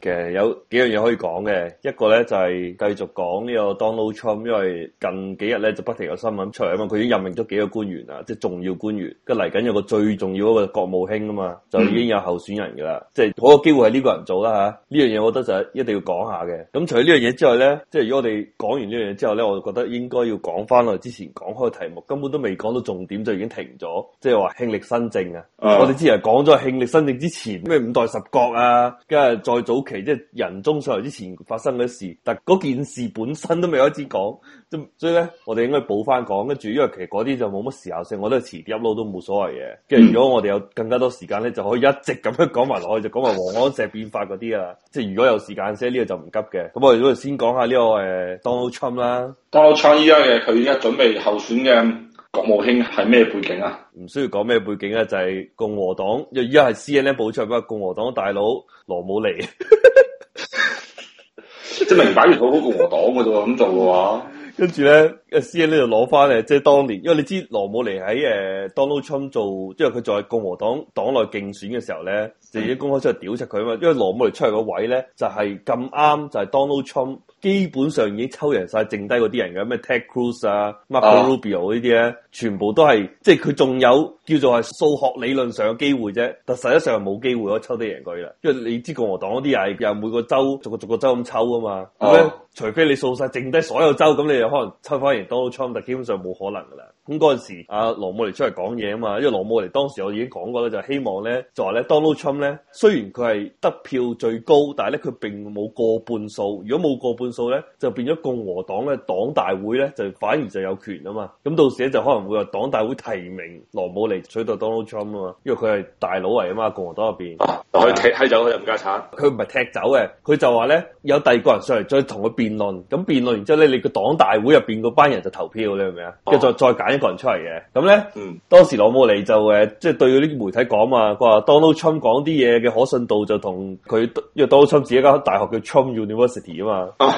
其實有幾樣嘢可以講嘅，一個咧就係繼續講呢個 Donald Trump，因為近幾日咧就不停有新聞出嚟啊嘛，佢已經任命咗幾個官員啦，即係重要官員，跟住嚟緊有個最重要一個國務卿啊嘛，就已經有候選人噶啦、嗯，即係嗰個機會係呢個人做啦吓，呢樣嘢我覺得就係一定要講下嘅。咁除咗呢樣嘢之外咧，即係如果我哋講完呢樣嘢之後咧，我就覺得應該要講翻我之前講開嘅題目，根本都未講到重點就已經停咗，即係話慶曆新政啊、嗯。我哋之前係講咗慶曆新政之前咩五代十國啊，跟住再早。其即係人中上嚟，之前發生嘅事，但嗰件事本身都未開始講，咁所以咧，我哋應該補翻講。跟住，因為其實嗰啲就冇乜時效性，我都係遲啲入都冇所謂嘅。即係如果我哋有更加多時間咧，就可以一直咁樣講埋落去，就講埋王安石變法嗰啲啊。即係如果有時間先，呢個就唔急嘅。咁我哋都先講下呢個誒 Donald Trump 啦，Donald Trump 依家嘅佢而家準備候選嘅。國務卿係咩背景啊？唔需要講咩背景啊，就係、是、共和黨，又而家係 C N N 補充翻共和黨大佬羅姆尼，即 係明擺住好過共和黨度啫。咁做嘅話，跟住咧，C N N 度攞翻咧，即係、就是、當年，因為你知羅姆尼喺誒 Donald Trump 做，即係佢在共和黨黨內競選嘅時候咧、嗯，就已經公開出嚟屌柒佢啊嘛。因為羅姆尼出嚟個位咧，就係咁啱，就係 Donald Trump。基本上已經抽贏晒剩低嗰啲人嘅咩 Ted Cruz 啊、Marco Rubio 呢啲咧，oh. 全部都係即係佢仲有叫做係數學理論上嘅機會啫，但實質上冇機會可抽得贏佢啦。因為你知共和黨嗰啲又又每個州逐個逐個州咁抽啊嘛，咁、oh. 咧除非你掃晒剩低所有州，咁你就可能抽翻贏 Donald Trump，但基本上冇可能噶啦。咁嗰陣時，阿羅姆尼出嚟講嘢啊嘛，因為羅姆尼當時我已經講過咧，就係希望咧就話咧 Donald Trump 咧雖然佢係得票最高，但係咧佢並冇過半數，如果冇過半數咧就變咗共和黨嘅黨大會咧就反而就有權啊嘛。咁到時咧就可能會由黨大會提名羅姆尼取代 Donald Trump 啊嘛，因為佢係大佬嚟啊嘛，共和黨入邊。佢踢閪走佢就唔加鏟，佢唔係踢走嘅，佢就話咧有第二個人上嚟再同佢辯論。咁辯論然之後咧，你個黨大會入邊嗰班人就投票你明唔明啊？跟住再再揀一個人出嚟嘅。咁咧、嗯，當時羅姆尼就誒即係對啲媒體講啊，佢話 Donald Trump 講啲嘢嘅可信度就同佢，因為 Donald Trump 自己間大學叫 Trump University 啊嘛。啊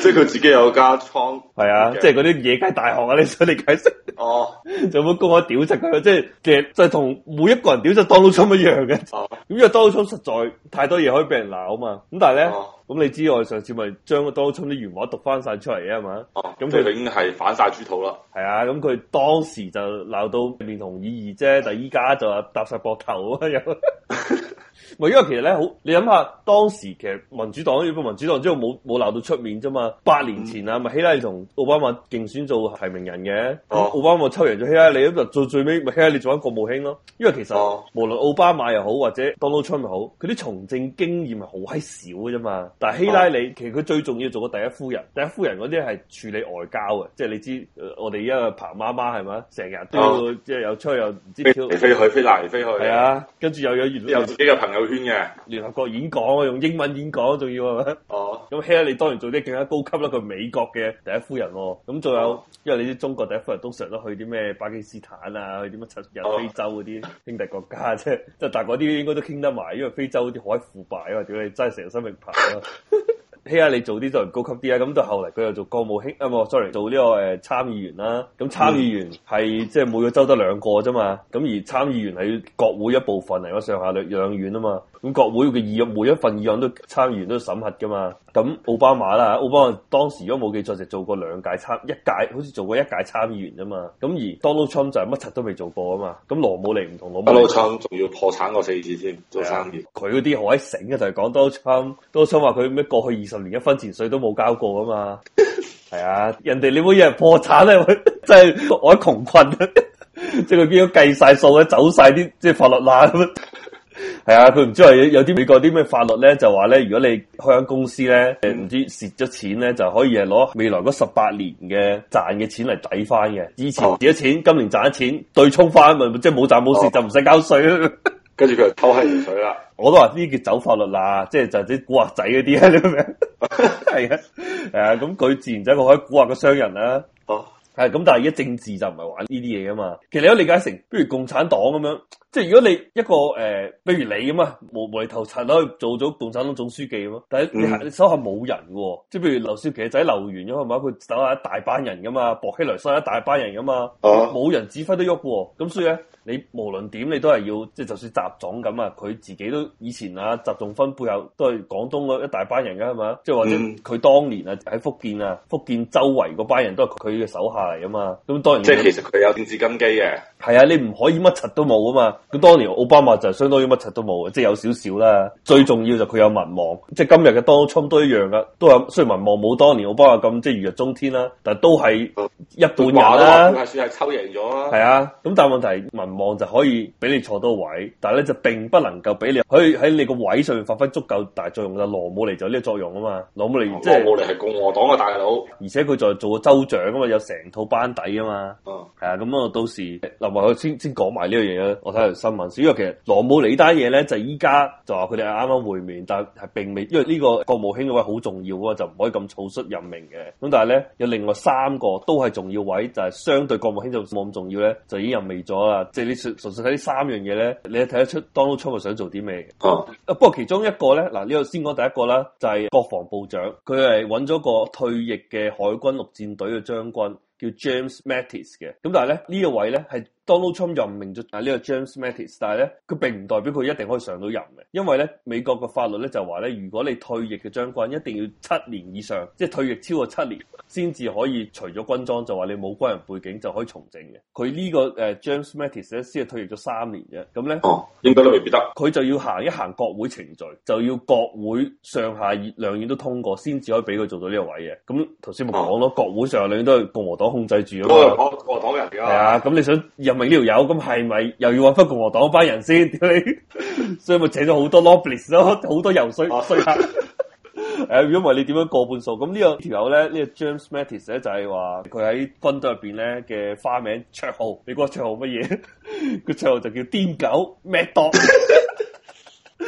即係佢自己有家倉，係啊，即係嗰啲野雞大學啊，你想嚟解釋？哦、啊，做 冇公開我屌柒佢？即係嘅，其實就同每一個人屌柒當老春一樣嘅。咁、啊、因為當老春實在太多嘢可以俾人鬧啊嘛。咁但係咧，咁、啊、你知我上次咪將個當老春啲原話讀翻晒出嚟啊嘛。哦，咁佢已經係反晒豬肚啦。係啊，咁佢當時就鬧到面紅耳赤啫，但係依家就搭晒膊頭啊又。 唔因為其實咧，好你諗下，當時其實民主黨要幫民主黨之後冇冇鬧到出面啫嘛。八年前啊，咪、嗯、希拉里同奧巴馬競選做提名人嘅。咁、哦、奧巴馬抽贏咗希拉里，咁、哦、就最最尾咪希拉里做緊國務卿咯。因為其實、哦、無論奧巴馬又好或者 Donald Trump 又好，佢啲從政經驗係好閪少嘅啫嘛。但係希拉里、哦、其實佢最重要做嘅第一夫人，第一夫人嗰啲係處理外交嘅，即係你知我哋依家彭媽媽係咪？成日都要即係有出去又唔知跳飛去飛嚟飛去。係啊，跟住又有完有，有，有自己嘅朋友。有圈嘅聯合國演講，用英文演講，仲要係咪？哦，咁希拉里當然做啲更加高級啦，佢美國嘅第一夫人喎。咁仲有，因為你知中國第一夫人通常都去啲咩巴基斯坦啊，去啲乜七日非洲嗰啲兄弟國家啫。即、oh. 係，但係嗰啲應該都傾得埋，因為非洲啲海腐敗啊嘛，屌你真係成身名牌啊！Oh. 希、hey, e 你做啲就高級啲啊！咁到後嚟佢又做國務卿啊！冇、oh，sorry，做呢、這個、呃、參議員啦。咁參議員係即係每個州得兩個啫嘛。咁而參議員係國會一部分嚟咗，上下兩兩院啊嘛。咁國會嘅議案每一份議案都參議員都審核㗎嘛。咁奧巴馬啦，奧巴馬當時如果冇記錯，就做過兩屆參一屆，好似做過一屆參議員啫嘛。咁而 Donald Trump 就係乜柒都未做過啊嘛。咁羅姆尼唔同，Donald Trump 仲要破產過四次先做參議員。佢嗰啲好鬼醒嘅，就係講 Donald Trump，Donald Trump 話佢咩過去二十。連一分錢稅都冇交過啊嘛，係 啊，人哋你冇人破產咧，即 係我窮困，即係變咗計晒數咧，走晒啲即係法律啦咁 啊，係啊，佢唔知係有啲美國啲咩法律咧，就話咧，如果你開間公司咧，唔、嗯、知蝕咗錢咧，就可以係攞未來嗰十八年嘅賺嘅錢嚟抵翻嘅。以前蝕咗錢，今年賺咗錢，對沖翻咪，即係冇賺冇蝕就唔、是、使、哦、交稅，跟住佢就偷慳稅啦。我都話呢叫走法律啦，即係就啲、是、古惑仔嗰啲咁樣。係 啊， 誒，咁佢自然就一個可以蠱惑嘅商人啦。哦，係咁，但係而家政治就唔係玩呢啲嘢噶嘛。其實你可理解成，譬如共產黨咁樣，即係如果你一個誒，比、呃、如你咁啊，無無厘頭插落去做咗共產黨總書記咯。但係你，、嗯、你手下冇人嘅，即係比如劉少奇嘅仔劉源咗係咪？佢手下一大班人噶嘛，薄熙來手下一大班人噶嘛，冇、嗯、人指揮得喐嘅，咁所以咧。你無論點，你都係要即係，就算習總咁啊，佢自己都以前啊，習仲勳背後都係廣東嗰一大班人噶，係嘛？即係或者佢當年啊喺福建啊，福建周圍嗰班人都係佢嘅手下嚟啊嘛。咁當然是即係其實佢有政治根基嘅。係啊，你唔可以乜柒都冇啊嘛。咁當年奧巴馬就相當於乜柒都冇嘅，即係有少少啦。最重要就佢有民望，即係今日嘅當初都一樣噶，都有雖然民望冇當年奧巴馬咁即係如日中天啦，但係都係一半人啦啊。佢係算係抽贏咗啊。係啊，咁但係問題民望就可以俾你坐到位，但係咧就並不能夠俾你，可以喺你個位上面發揮足夠大作用噶羅姆尼就有呢個作用啊嘛，羅姆尼即係羅姆尼係共和黨嘅、啊、大佬，而且佢仲做個州長啊嘛，有成套班底啊嘛，係、嗯、啊，咁啊到時嗱，我先先講埋呢樣嘢啦。我睇下新聞先，因為其實羅姆尼呢單嘢咧就依家就話佢哋啱啱會面，但係並未，因為呢個國務卿嘅位好重要啊，就唔可以咁草率任命嘅。咁但係咧有另外三個都係重要位，就係、是、相對國務卿就冇咁重要咧，就已經任命咗啦，即你純粹睇呢三樣嘢咧，你係睇得出 Donald Trump 想做啲咩嘅？不過其中一個咧，嗱呢度先講第一個啦，就係、是、國防部長，佢係揾咗個退役嘅海軍陸戰隊嘅將軍，叫 James Mattis 嘅。咁但係咧呢一、這個、位咧係。Donald Trump 任命咗啊呢個 James Mattis，但係咧佢並唔代表佢一定可以上到任嘅，因為咧美國嘅法律咧就話咧，如果你退役嘅將軍一定要七年以上，即係退役超過七年，先至可以除咗軍裝，就話你冇軍人背景就可以從政嘅。佢呢、呢個誒、uh, James Mattis 咧先係退役咗三年嘅，咁咧哦，應該都未必得。佢就要行一行國會程序，就要國會上下兩院都通過，先至可以俾佢做到呢個位嘅。咁頭先咪講咯，國會上下兩院都係共和黨控制住咗。共和黨人啊，咁、啊、你想任？明呢條友咁係咪又要搵翻共和黨班人先？你， 所以咪請咗好多 lobbyist 咯，好多遊説客。 如果唔係你點樣過半數？咁呢個條友咧，呢、這個 James Mattis 咧就係話佢喺軍隊入面咧嘅花名、綽號你覺得綽號乜嘢？綽號就叫癲狗 Mad Dog。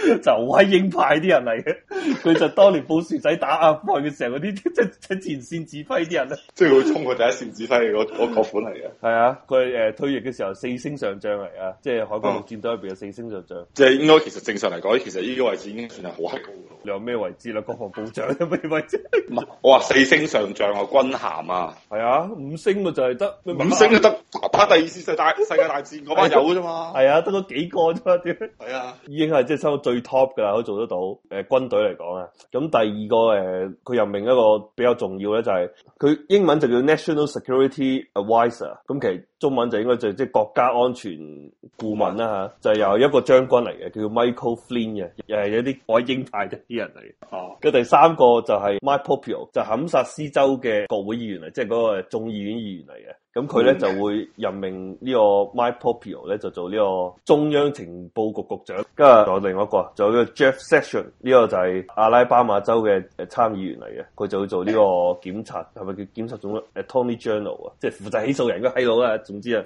就鷹派啲人嚟嘅，佢就當年布殊仔打阿富汗嘅時候啲，即 係前線指揮啲人咧，即係會衝過第一線指揮嘅嗰嗰款嚟嘅。係啊，佢誒退役嘅時候四星上將嚟啊，即係海軍陸戰隊入邊有四星上將。即係應該其實正常嚟講，其實呢個位置已經算係好閪高咯。你話咩位置啦？國防部長咩位置？唔係，我話四星上將我啊，軍銜啊。係啊，五星咪就係得，五星得。嗯第二次世界世界大戰嗰班有啫嘛？ 係啊，得嗰幾個啫。係啊，已經係即係收到最 top 噶啦，可以做得到。誒、呃，軍隊嚟講啊，咁第二個誒，佢、呃、任命一個比較重要咧、就是，就係佢英文就叫 National Security Adviser，咁其實中文就應該就即係國家安全顧問啦嚇、嗯啊。就由、是、一個將軍嚟嘅，叫 Michael Flynn 嘅，又係一啲海英派啲人嚟。哦，咁第三個就係 Mike Pompeo，就堪薩斯州嘅國會議員嚟，即係嗰個眾議院議員嚟嘅。咁佢咧就會任命呢個 Mike Pompeo 咧就做呢個中央情報局局長，跟住仲有另一個，仲有呢個 Jeff Sessions 呢個就係阿拉巴馬州嘅誒參議員嚟嘅，佢就會做呢個檢察，係咪叫檢察總誒 Attorney General 啊，即係負責起訴人嘅個閪佬啊，總之啊，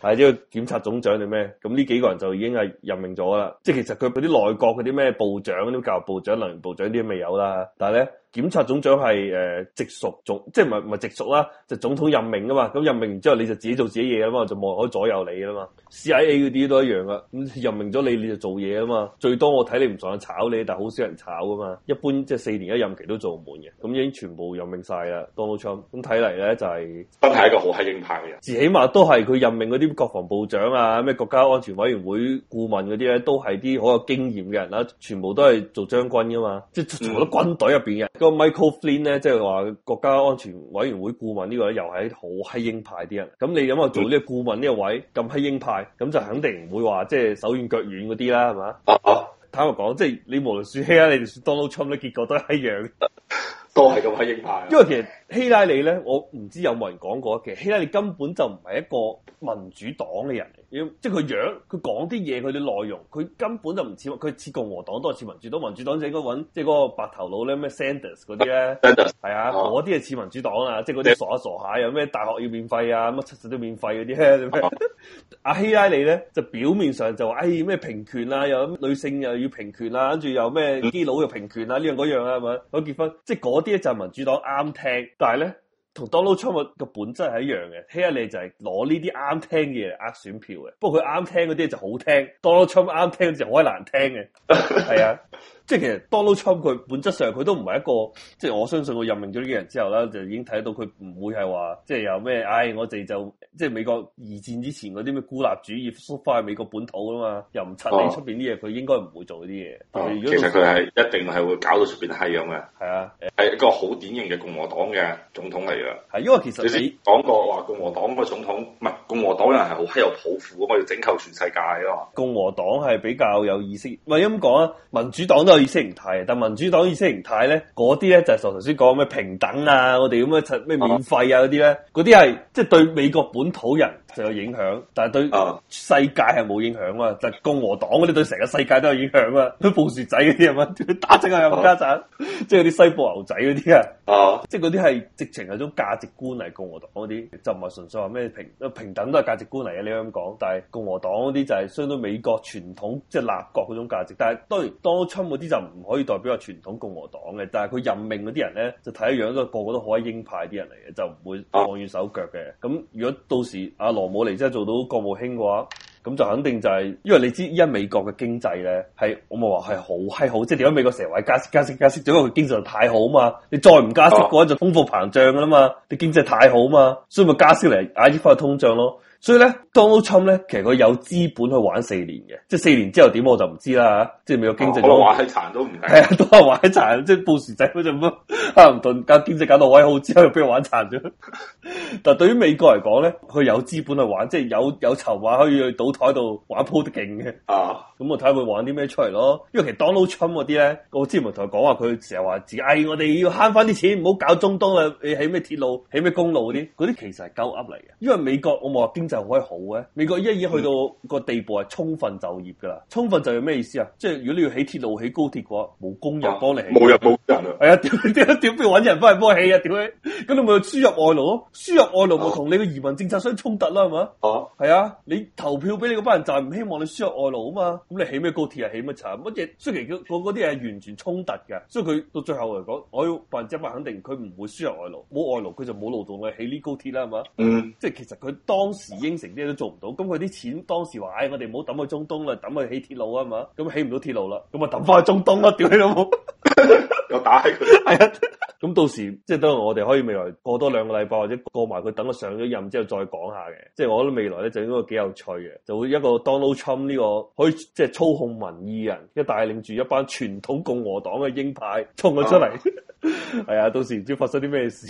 係呢個檢察總長定咩？咁呢幾個人就已經係任命咗啦，即係其實佢嗰啲內閣嗰啲咩部長，啲教育部長、能源部長啲未有啦，但係咧。檢察總長係誒、呃、直屬總即係唔係唔係直屬啦，就是、總統任命㗎嘛。咁任命完之後，你就自己做自己嘢啊嘛，就無人可以左右你啊嘛。CIA 嗰啲都一樣啊，咁任命咗你你就做嘢啊嘛。最多我睇你唔想炒你，但係好少人炒噶嘛。一般即係四年一任期都做滿嘅，咁已經全部任命晒啦，Donald Trump。咁睇嚟咧就係真係一個好係硬派嘅人。至起碼都係佢任命嗰啲國防部長啊，咩國家安全委員會顧問嗰啲咧，都係啲好有經驗嘅人啦、啊，全部都係做將軍噶嘛，即係全部都軍隊入邊嘅。嗯 Michael Flynn 咧，即係話國家安全委員會顧問呢個咧，又係好希鷹派啲人。咁你諗下做呢個顧問呢個位咁希鷹派，咁就肯定唔會話即係手軟腳軟嗰啲啦，係嘛、啊啊？坦白講，即係你無論選希啊，你選 Donald Trump 咧，結果都係一樣，都係咁希鷹派、啊。 因為其實。希拉里咧，我唔知有冇人講過嘅。其實希拉里根本就唔係一個民主黨嘅人嚟，即係佢樣，佢講啲嘢，佢啲內容，佢根本就唔似，佢似共和黨多似民主黨。民主黨就應該揾即係嗰個白頭佬咧，咩 Sanders 嗰啲咧，係啊，嗰啲係似民主黨啊，即係嗰啲傻一傻下一一，有咩大學要免費啊，乜七實都免費嗰啲咧。阿、啊啊、 希拉里咧就表面上就話，哎咩平權啊，又女性又要平權啊，跟住又咩基佬又平權啊，呢樣嗰樣啊，係咪？佢、那個、結婚，嗯、即係嗰啲就民主黨啱聽。但係咧，同 Donald Trump 嘅本質係一樣嘅，希拉里就係攞呢啲啱聽嘅嘢嚟呃選票嘅，不過佢啱聽嗰啲就好聽，Donald Trump 啱聽嗰啲就好難聽嘅，係 啊。即係其實 Donald Trump 佢本質上佢都唔係一個，即、就、係、是、我相信佢任命咗呢啲人之後咧，就已經睇到佢唔會係話，即、就、係、是、有咩，唉、哎，我哋就即係、就是、美國二戰之前嗰啲咩孤立主義，縮翻去美國本土噶嘛，又唔睬你出邊啲嘢，佢應該唔會做啲嘢、哦。其實佢係一定係會搞到出邊係咁嘅。係啊，係一個好典型嘅共和黨嘅總統嚟噶。係因為其實你講過話共和黨個總統，唔係共和黨人係好犀利又抱負的，我要拯救全世界啊共和黨係比較有意思。喂，咁講啊，民主黨都，有意識形態，但民主黨意識形態咧，嗰啲咧就係我頭先講咩平等啊，我哋咁嘅咩免費啊嗰啲咧，嗰啲係即係對美國本土人就有影響，但係對世界係冇影響啊。就是、共和黨嗰啲對成個世界都有影響啊，啲暴徒仔嗰啲係咪打正啊，冚家鏟，即係啲西部牛仔嗰啲啊，哦，即係嗰啲係直情係種價值觀嚟，共和黨嗰啲就唔係純粹話咩平平等都係價值觀嚟嘅，你咁講，但係共和黨嗰啲就係相當美國傳統即係、就是、立國嗰種價值，但係當然當出啲。就唔可以代表阿傳統共和黨嘅，但係佢任命嗰啲人咧，就睇樣都個個都可以鷹派啲人嚟嘅，就唔會放軟手腳嘅。咁如果到時阿羅姆尼真係做到國務卿嘅話，咁就肯定就係、是、因為你知依家美國嘅經濟咧係我咪話係好閪好，即係點解美國成日話加息加息加息，就因為佢經濟太好嘛。你再唔加息嗰陣就通貨膨脹噶啦嘛，你經濟太好嘛，所以咪加息嚟壓抑返通脹咯。所以咧，Donald Trump 咧，其實佢有資本去玩四年嘅，即係四年之後點我就唔知啦、啊。即係美國經濟，我玩係殘都唔係，係啊，都係玩殘。 即係布什仔嗰陣咁啊，克林頓搞經濟搞到威好之後，又俾佢玩殘咗。 但對於美國嚟講咧，佢有資本去玩，即係有有籌碼可以去賭台度玩鋪得勁嘅。啊，咁我睇下會玩啲咩出嚟咯。因為其實 Donald Trump 嗰啲咧，我之前咪同佢講話，佢成日話自己，唉、哎，我哋要慳翻啲錢，唔好搞中東啊，你起咩鐵路，起咩公路嗰啲，嗰、嗯、啲其實係鳩噏嚟嘅。因為美國我冇話經濟。又可以好嘅？美國一二去到個地步係充分就業噶啦，充分就業咩意思啊？即係如果你要起鐵路、起高鐵嘅話，冇工人幫你起，冇人冇人係啊？點點邊揾人翻嚟幫起啊？點解咁你咪要輸入外勞咯？輸入外勞咪同你嘅移民政策相衝突啦，係嘛？啊，係啊，你投票俾你嗰班人就係唔希望你輸入外勞啊嘛？咁你起咩高鐵啊？起乜柒乜嘢？雖然嗰啲係完全衝突嘅，所以佢到最後嚟講，我要百分之一百肯定佢唔會輸入外勞，冇外勞佢就冇勞動去起呢高鐵啦，係嘛？嗯，即係其實佢當時。應承啲嘢都做唔到，咁佢啲錢當時話，唉、哎，我哋唔好抌去中東啦，抌去起鐵路啊，係嘛，咁起唔到鐵路啦，咁啊抌翻去中東啦，屌你老母，又打佢，係 啊、 嗯，咁到時即係、就是、等我哋可以未來過多兩個禮拜或者過埋佢，等佢上咗任之後再講下嘅，即係我覺得未來咧就應該幾有趣嘅，就會一個 Donald Trump 呢個可以即係、就是、操控民意嘅人，即係帶領住一班傳統共和黨嘅鷹派衝咗出嚟，係啊、 嗯，到時唔知發生啲咩事。